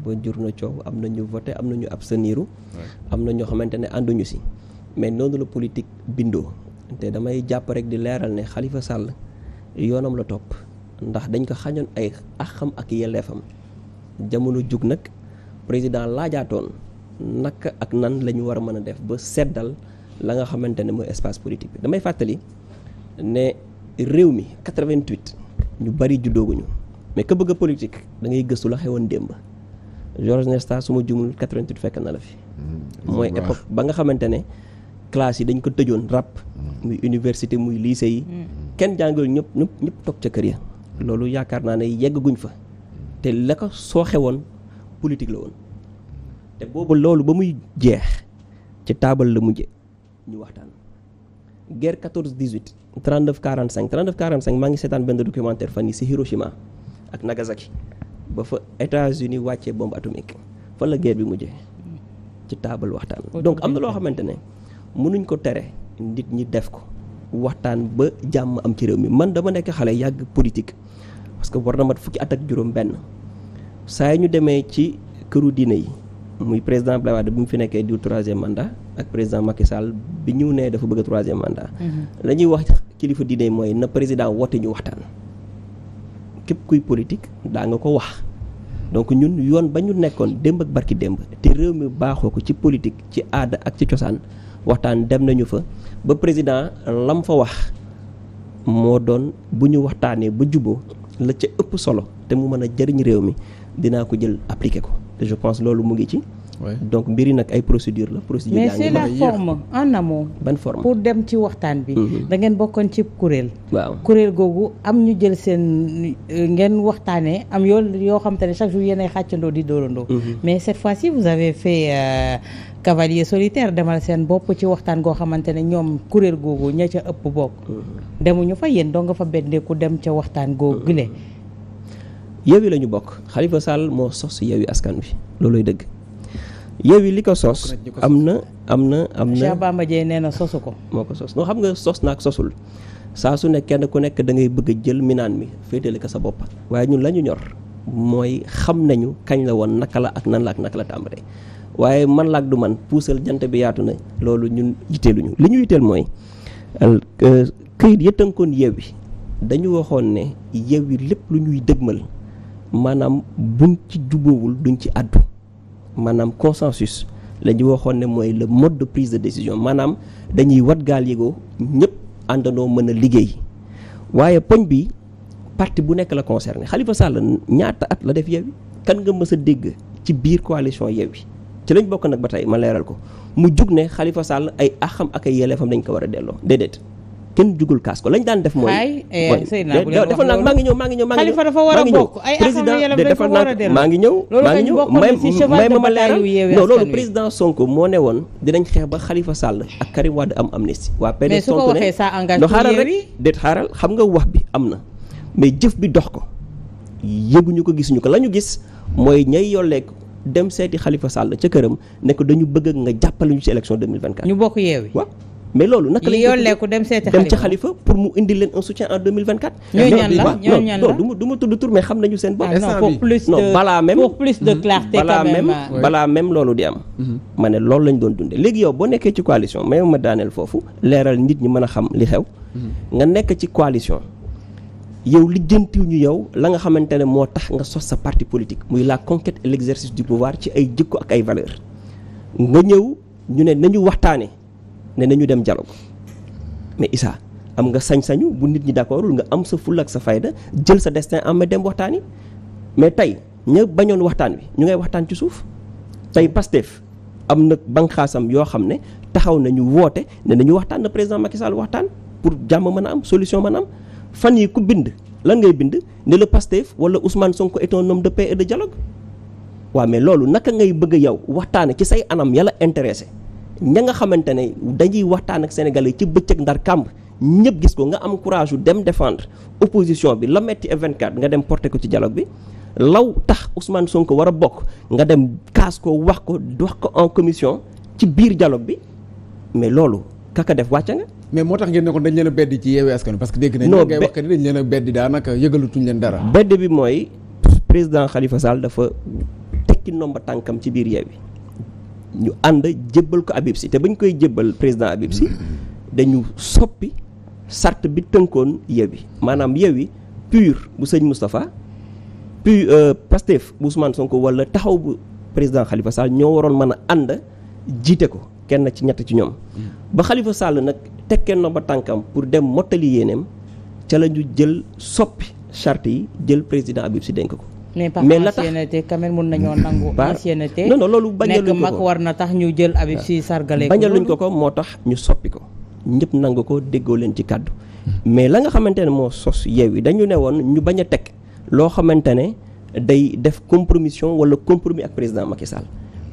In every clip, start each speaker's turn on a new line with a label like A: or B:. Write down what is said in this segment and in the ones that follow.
A: ba jur na coow am na ñu voté am na ñu absteniru am na ñoo xamante ne ànduñu si mais noonu la politique bindoo te damay jàpp rek di leeral ne Khalifa Sall yoonam la topp ndax dañ ko xañoon ay axam ak yelleefam jamono jug nag président laajaatoon naka ak nan la ñu war a mën a def ba seddal la nga xamante ne mooy espace politique bi damay fàttali ne réew mi 88 ñu bari juddooguñu mais ka bëgg a politique da ngay gëstu la xewoon démb Georges Nesta su ma jumul 88 fekk na la fi.
B: Mm. mooy époque
A: ba nga xamante ne classes yi dañ ko tëjoon rap. Mm. muy université muy lycée yi. Mm. kenn jàngal ñëpp ñëpp ñëpp toog ca kër ya. loolu yaakaar naa ne yegg guñ fa. te la ko sooxe woon politique la woon. te boobu loolu ba muy jeex ci taabal la mujje ñu waxtaan. guerre 14 18. 39 45 39 45 maa ngi seetaan benn documentaire fan yi si Hiroshima ak Nagasaki. ba fa États-Unis wàccee bombe atomique fa la guerre bi mujjee ci taabal waxtaan donc am na loo xamante ne mënuñ ko tere nit ñi def ko waxtaan ba jàmm am ci réew mi man dama nekk xale yàgg politique parce que war na mat fukki at ak juróom benn saa ñu demee ci këru diine yi muy président Abdoulaye Wade bi mu fi nekkee diw troisième mandat ak président Macky Sall bi ñu nee dafa bëgg troisième mandat mm-hmm. la ñuy wax kilifa diine yi mooy na président woote ñu waxtaan képp kuy politique daa nga ko wax donc ñun yoon ba ñu nekkoon démb ak barki démb te réew mi baaxoo ko ci politique ci aada ak ci cosaan waxtaan dem nañu fa ba président lam fa wax moo doon bu ñu waxtaanee ba juboo la ca ëpp solo te mu mën a jëriñ réew mi dinaa ko jël appliqué ko te je pense loolu mu ngi ci oui. donc mbir yi nag ay procédure la procédure mais c'est la forme
B: en amont ban forme pour dem ci waxtaan bi mhm. da ngeen bokkoon ci kuréel waaw kuréel googu am ñu jël seen euh, ngeen waxtaanee am yoo yoo xam ne chaque jour yéen xàccandoo di dóorandoo mhm. mais cette fois-ci vous avez fait euh, cavalier solitaire demal seen bopp ci waxtaan goo xamante ne ñoom kuréel googu ña ca ëpp bokk mhm. demuñu fa yéen doo nga fa bendeku dem ca waxtaan googu le
A: Yewwi la bokk Khalifa moo sos Yewwi askan wi dëgg yi li ko sos am na am na am na. Cheikh
B: Bamba Dièye nee na sosu ko.
A: moo ko sos noo xam nga sos naag sosul saa su ne kenn ku nekk da ngay bëgg jël minaan mi féetale ko sa bopp. waaye ñun la ñu ñor mooy xam nañu kañ la woon naka la ak nan la ak naka la tàmbalee waaye man laak du man puusal jant bi yaatu na loolu ñun yitteeluñu li ñu yitteel mooy euh, këyit ya tënkoon Yewwi dañu waxoon ne Yewwi lépp lu ñuy dëgmal maanaam buñ ci jubóowul duñ ci àddu. maanaam consensus la ñu waxoon ne mooy le mode de prise de décision maanaam dañuy wat gaal yëgoo ñëpp àndandoo mën a liggéey waaye poñ bi parti bu nekk la concerné Khalifa Sall ñaata at la def Yewwi kan nga mës a dégg ci biir coalition yi ci lañ bokk nag ba tey ma leeral ko mu jug ne xalifa sàll ay axam ak ay yelleefam dañ ko war a delloo déedéet kenn jugul kaas ko lañ daan def mooy. Eh, defal naa maa ngi ñëw maa ngi ñëw maa ngi ñëw. maa ngi ñëw président de defal naa maa ngi ñëw. maa ngi ñëw may ma ma leeral non loolu président Sonko moo ne woon dinañ xeex ba xalifa sàll ak Karim Wade am amnistie. waa PDS Sonko ne no xaaral rek déet xaaral xam nga wax bi am na mais jëf bi dox ko yëguñu ko gisuñu ko la ñu gis mooy ñay yolleeg dem seeti xalifa Sall ca këram ne ko dañu bëgg nga jàppale ñu ci élection 2024. ñu bokk yeewi mais loolu naka lañ yolleeku dem seeti dem pour mu indi leen un soutien en 2024. ñooñu ñan la ñooñu ñan la seen bopp. Ah, non pour plus de balaa même pour plus de mm-hmm. clarté mm-hmm. ma ne loolu lañ doon dundee léegi yow boo nekkee ci coalition mais ma daaneel foofu leeral nit ñi mën a xam li xew. Mm-hmm. nga nekk ci coalition. yow lijjantiw ñu yow la nga xamante ne moo tax nga sos sa parti politique muy la conquête et l' exercice du pouvoir ci ay jikko ak ay valeur nga ñëw ñu ne nañu waxtaanee. ne nañu dem dialogue mais Issa am nga sañ-sañu bu nit ñi d'accordul nga am sa fulla ak sa fayda jël sa destin am ma dem waxtaan mais tey ña bañoon waxtaan wi ñu ngay waxtaan ci suuf tey Pastef am na banqaasam yoo xam ne taxaw nañu woote ne nañu waxtaan na président Macky Sall waxtaan pour jàmm mën a am solution mën am fan yi ku bind lan ngay bind ne le Pastef wala Ousmane Sonko est un homme de paix et de dialogue mais loolu naka ngay bëgg yow waxtaane ci say anam yàlla intéressé ña nga xamante ne dañuy waxtaan ak sénégal sénégalais ci bëccëg ndar kàmb ñëpp gis ko nga am courage dem defendre opposition bi la metti F24 nga dem porté ko ci dialogue bi law tax Ousmane Sonko war a bokk nga dem kaas ko wax ko wax ko en commission ci biir dialogue bi mais loolu kaka def wàcce nga. mais moo tax ngeen ne ko dañ leen a beddi ci yeewee askan parce que dégg nañ. non ngay wax que dañ leen a beddi daanaka yëgalutuñ leen dara. beddi bi mooy président Khalifa Sall dafa tekki nomba tànkam ci biir yeewee. ñu ànd jébbal ko Habib Sy te bañ koy jébbal président Habib Sy dañu soppi sart bi tënkoon Yewwi maanaam Yewwi PUR bu sëñ Moustapha PUR euh, Pastef bu Ousmane Sonko wala taxaw bu président Khalifa Sall ñoo waroon mën a ànd jiite ko kenn ci ñett ci ñoom. ba xalifa Sall nag tekkee kenn ba tànkam pour dem mottali yéeneem ca la ñu jël soppi charte yi jël président Habib Sy dénk ko.
B: mais la tax ancienneté quand même mun nañoo nangu ancienneté non non loolu bañal luñ ko war na tax ñu jël Habib Sy sargale ko bañal ko
A: ko moo tax ñu soppi ko ñëpp nangu ko déggoo leen ci kàddu mais la nga xamante ne moo sos yeew yi dañu ne woon ñu bañ a teg loo xamante ne day def compromission wala compromis ak président Macky Sall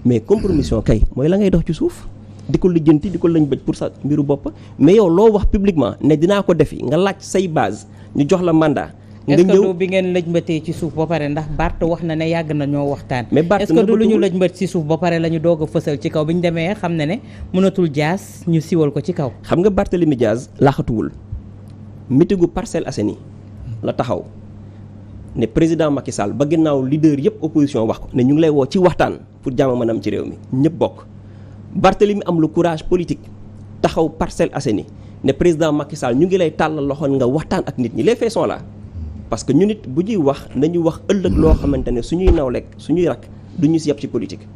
A: mais compromission kay mooy la ngay dox ci suuf di ko lijjanti di ko lañ bëj pour sa mbiru bopp mais yow loo wax publiquement ne dinaa ko defi nga laaj say base ñu jox
B: la mandat est-ce que bi ngeen lëjmbatee ci suuf ba pare ndax Bart wax na ne yàgg nañoo waxtaan est-ce que du lu ñu lëjmbat ci suuf ba pare la a fësal ci kaw bi ñu demee xam ne ne mënatul Dias ñu siwal ko ci kaw xam nga Barthélemy Dias laaxatuwul mitigu Parcelles Assainies
A: la taxaw ne président Macky ba ginnaaw leader yëpp opposition wax ko ne ñu ngi lay woo ci waxtaan pour jàmm mën am ci réew mi ñëpp bokk Barthélemy am lu courage politique taxaw Parcelles Assainies ne président Macky Sall ñu ngi lay tàllal loxoon nga waxtaan ak nit ñi les faits sont parce que ñun it bu ñuy wax nañu wax ëllëg loo xamante ne suñuy nawlek suñuy rak du ñu si ci politique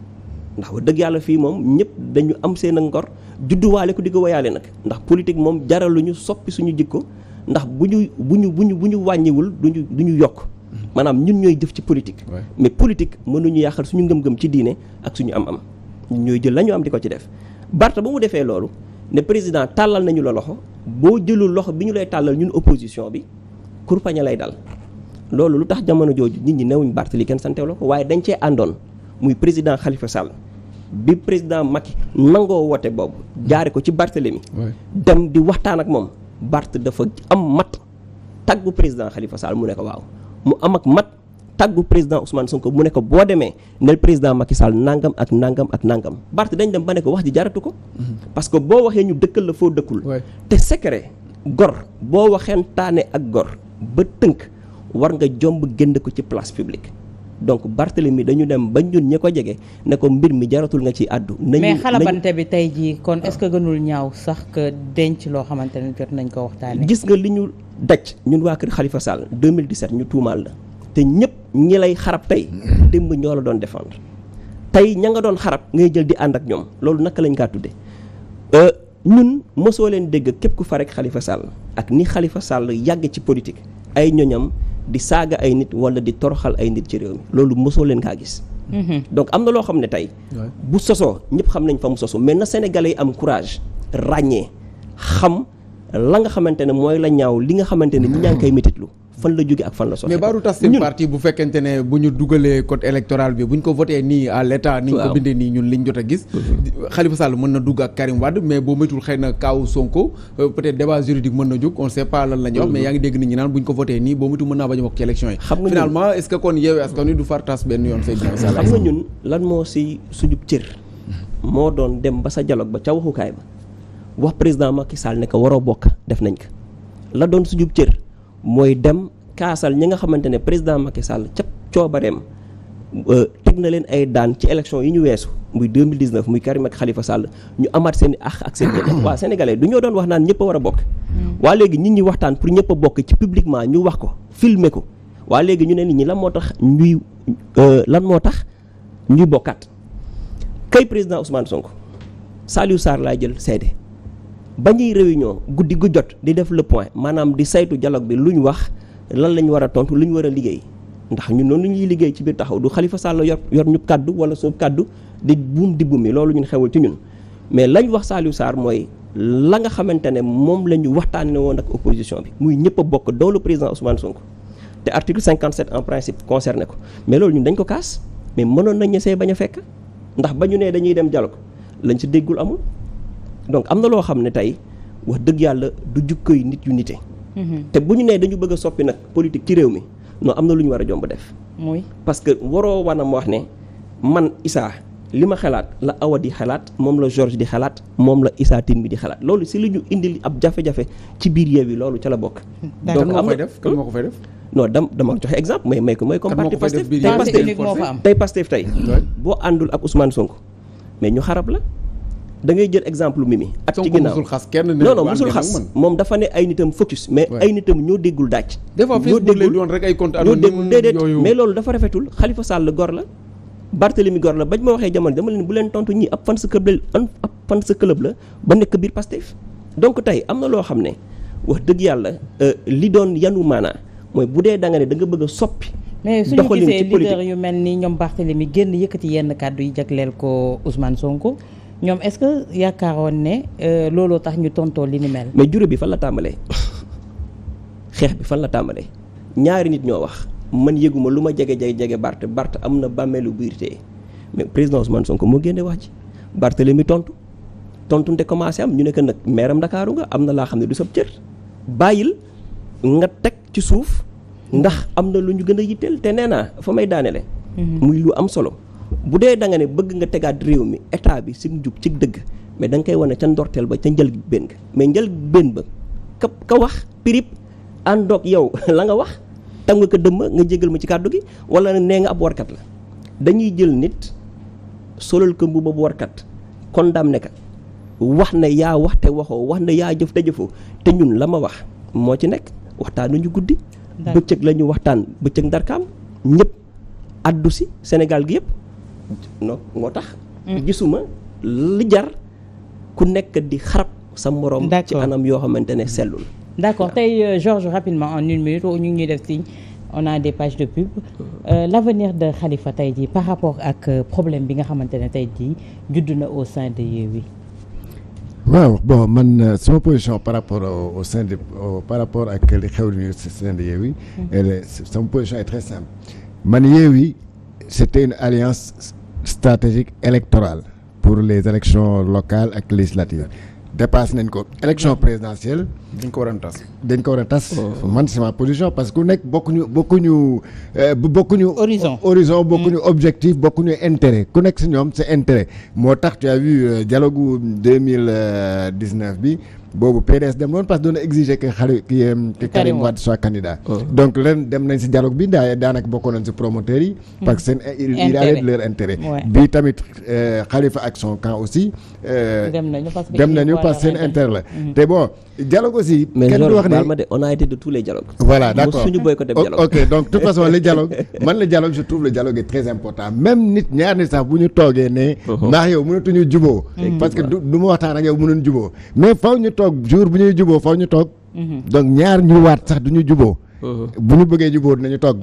A: ndax wax dëgg yàlla fii moom ñëpp dañu am seen a ngor judduwaale ko di ko wayaale nag ndax politique moom jaral jaraluñu soppi suñu jikko ndax bu ñu bu ñu bu ñu bu ñu wàññiwul du ñu yokk maanaam ñun ñooy jëf ci politique mais politique mënuñu yàqal suñu ngëm-ngëm ci diine ak suñu am am ñun ñooy jël la ñu am di ko ci def Barth ba mu defee loolu ne président tàllal nañu la loxo boo jëlul loxo bi ñu lay tàllal ñun opposition bi kurpaña lay dal loolu lu tax jamono jooju nit ñi newuñ Barthélémy kenn santewloo ko waaye dañ cee àndoon muy président xalifa Sall bi président Macky nangoo woote boobu jaare ko ci Barthélémy dem di waxtaan ak moom barte dafa am mat taggu président xalifa Sall mu ne ko waaw mu am ak mat taggu président Ousmane Sonko mu ne ko boo demee nel président Macky Sall nangam ak nangam ak nangam Barth dañ dem ba ne ko wax ji jaratu ko mhm. parce que boo waxee ñu dëkkal la foo dëkkul te secret gor boo waxeen taane ak gor ba tënk war nga jomb génn ko ci place publique donc Barthélemy dañu dem ba ñun ñi ko jege ne ko mbir mi jaratul nga ci àddu. nañu mais
B: bi tey jii kon est-ce que gënul ñaaw sax denc loo xamante ne jot nañ ko waxtaan
A: gis nga li ñu daj ñun waa kër Khalifa Sall 2017 ñu tuumaal la te ñëpp ñi lay xarab tey démb ñoo la doon défendre tey ña nga doon xarab ngay jël di ànd ak ñoom loolu naka lañ kaa tudde euh, ñun mosoo leen dégg képp ku farek Khalifa Sall ak ni Khalifa Sall yàgg ci politique ay ñoñam di saaga ay nit wala di toroxal ay nit ci réew mi loolu mosoo leen kaa gis. Mm-hmm. donc am na loo xam ne tey. bu sosoo ñëpp xam nañ fa mu sosoo mais na Sénégalais am courage ràññee xam la nga xamante ne mooy la ñaaw li nga xamante ne ñaa ngi koy fan la jóge ak fan la soxla. mais baaru
C: tas seen parti bu fekkente ne bu ñu dugalee code électoral bi bu ko voté nii à l' état. ni ñu ko bindee nii ñun liñ jot a gis. Khalifa Sall mën na dugg ak Karim Wade mais boo moytuwul xëy na kaawu Sonko euh, peut être juridique mën na jóg on sait pas lan la wax. mais mm-hmm. yaa ngi dégg nit ñi naan bu ko voté
A: nii boo moytuwul mën naa bañ a bokk ci élection yi. xam nga finalement est ce que kon yeewee askan du far tas benn yoon. seen moo si suñu moo doon dem ba sa dialogue ba ca waxukaay ba wax président Macky Sall ne ko waroo bokk def nañ ko mooy dem kaasal ñi nga xamante ne président Macky Sall ca coobareem euh, teg na leen ay daan ci élection yi ñu weesu muy 2019 muy Karim ak Khalifa Sall ñu amaat seen i ax ak seen i waa sénégalais du ñoo doon wax naan ñëpp a war a bokk. Mm. waa léegi nit ñi waxtaan pour ñëpp a bokk ci publiquement ñu wax ko filmer ko waa léegi ñu ne nit ñi lan moo tax ñuy euh, lan moo tax ñuy bokkaat kay président Ousmane Sonko Saliou Sarr laa jël seede. ba ñuy réunion guddi gu jot di def le point maanaam di saytu dialogue bi lu ñu wax lan la ñu war a tontu lu ñu war a liggéey ndax ñun noonu ñuy liggéey ci biir taxaw du Khalifa Sall yor yor ñu kaddu wala soob kaddu di buum di buum mi loolu ñun xewul ci ñun. mais lañ wax saalu saar mooy la nga xamante ne moom la ñu waxtaanee woon ak opposition bi muy ñëpp a bokk doolu président Ousmane Sonko te article 57 en principe concerné ko mais loolu ñun dañ ko kaas mais mënoon nañ ñesee bañ a fekk ndax ba ñu dañuy dem dialogue lañ ci déggul amul. donc am na loo xam ne tey wax dëgg yàlla du jukkoy nit yu nite. Mhm. te bu ñu nee dañu bëgg a soppi nag politique ci réew mi non am na lu ñu war a jomb def. muy parce que waroo wanam wax ne man Issa li ma xalaat la Awa di xalaat moom la George di xalaat moom la Issa Tine bi di xalaat loolu si li ñu indil ab jafe-jafe ci biir Yewwi loolu ca la bokk. donc am na kan moo ko fay def hmm? non dam dama joxe exemple may may ko mooy comme parti Pastef tey Pastef tey Pastef tey boo àndul ak Ousmane Sonko mais ñu xarab la. da ngay jël exemple Mimi at ci ginnaaw musul xas kenn non non musul xas moom dafa ne ay nitam focus mais ay nitam ñoo déggul daaj ñoo déggul ñoo déggul déedéet mais loolu dafa rafetul Khalifa Sall gor la Barthélemy gor la bañ ma waxee jamono dama leen bu leen tontu ñi ab fans club la ab fans club la ba nekk biir Pastef donc tey am na loo xam ne wax dëgg yàlla euh, li doon yanu maanaa mooy bu dee da ne da nga bëgg a soppi mais suñu gisee leader
B: yu mel ni ñoom Barthélemy génn yëkkati yenn kàddu yi jagleel ko Ousmane Sonko ñoom est-ce que yaakaaroon ne euh, looloo tax ñu tontoo li ni mel.
A: mais jure bi fan la tàmbalee xeex bi fan la tàmbalee ñaari nit ñoo wax man yëguma lu ma jege jege jege Bart barte am na bàmmeelu biir tee mais président Ousmane Sonko moo génne wax ji mi tontu tontu tontunte commencé am ñu ne que nag meeram Ndakaaru nga am na laa xam ne du sab cër bàyyil nga teg ci suuf ndax am na lu ñu gën a yitteel te nee naa fa may daanele mm-hmm. muy lu am solo. bu dee da nga ne bëgg nga tegaat réew mi état bi si njub cig dëgg mais da koy wane ca ndorteel ba ca njël benn ga mais njël benn ba ka ka wax pirip àndoog yow la nga wax tam nga ko dëmm nga jégal ma ci kàddu gi wala nee nga ab warkat la dañuy jël nit solal ko mbubb bu warkat condamné ka wax na yaa wax te waxoo wax na yaa jëf te jëfoo te ñun la ma wax moo ci nekk waxtaanu ñu guddi bëccëg la ñu waxtaan bëccëg ndarkaam ñëpp addu si Sénégal gi yëpp no moo tax gisuma li jar ku nekk di xarab sa moroom ci anam yoo xamante ne sellul
B: d'accord tey euh, Georges rapidement en une minute ñu ngi def signe on a des pages de pub mm-hmm. euh, l'avenir de Khalifa tey jii par rapport ak euh, problème bi nga xamante ne tey jii judd na au sein de Yewwi
C: waaw bo man euh, sama position par rapport au, par rapport ak li xew ni sein de mm-hmm. position est très simple man Yewwi c'était une alliance stratégique électorale pour les élections locales ak législatives dépasse nañ ko élection présidentielle. dañ ko war a tas. dañ ko war a tas oh. man c'est ma position parce que ku nekk bokkuñu bokkuñu euh, bokkuñu. horizon horizon bokkuñu mm. objectif bokkuñu intérêt ku nekk si ñoom c'est intérêt moo tax tu as vu euh, dialogue 2019 euh, bi. boobu PDS dem loon parce que doon exiger que xale euh, que Karim Wade soit candidat oh. donc leen dem nañ si dialogue bi daa daanaka bokkoon si promoteurs yi hmm. parce que seen eh, il la hmm. te bon dialogue aussi kenn du wax ne
A: on a été de tous les dialogues voilà d'accord
C: suñu boycotté dialogue ok donc de façon le dialogue man le dialogue je trouve le dialogue est très important même nit ñaar nit sax bu ñu toogee ne maax uh-huh. yow mënatuñu juboo parce que du ma waxtaan ak yow mënuñ juboo mais faw ñu toog jour bu ñuy juboo faw ñu toog mhm. donc ñaar ñu waat sax du ñu juboo uh-huh. bu ñu bëggee juboo dinañu toog